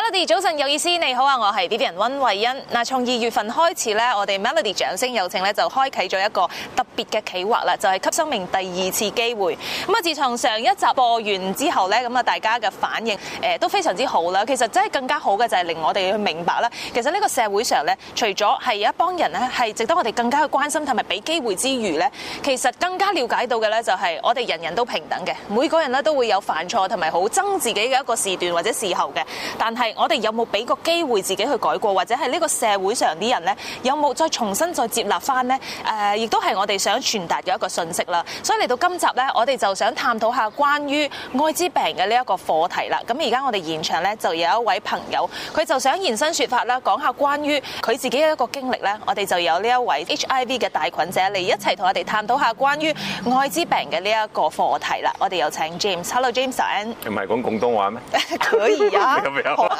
Melody 早晨有意思，你好啊，我係 B B 人溫慧欣。嗱，從二月份開始咧，我哋 Melody 掌聲有請咧就開啟咗一個特別嘅企劃啦，就係、是、給生命第二次機會。咁啊，自從上一集播完之後咧，咁啊，大家嘅反應誒都非常之好啦。其實真係更加好嘅就係令我哋去明白啦，其實呢個社會上咧，除咗係有一幫人咧係值得我哋更加去關心同埋俾機會之餘咧，其實更加了解到嘅咧就係我哋人人都平等嘅，每個人咧都會有犯錯同埋好憎自己嘅一個時段或者時候嘅，但係。我哋有冇俾個機會自己去改過，或者係呢個社會上啲人呢，有冇再重新再接納翻呢？誒、呃，亦都係我哋想傳達嘅一個信息啦。所以嚟到今集呢，我哋就想探討下關於愛滋病嘅呢一個課題啦。咁而家我哋現場呢，就有一位朋友，佢就想現身說法啦，講下關於佢自己嘅一個經歷呢。我哋就有呢一位 HIV 嘅帶菌者嚟一齊同我哋探討下關於愛滋病嘅呢一個課題啦。我哋有請 James。Hello，James。唔係講廣東話咩？可以啊。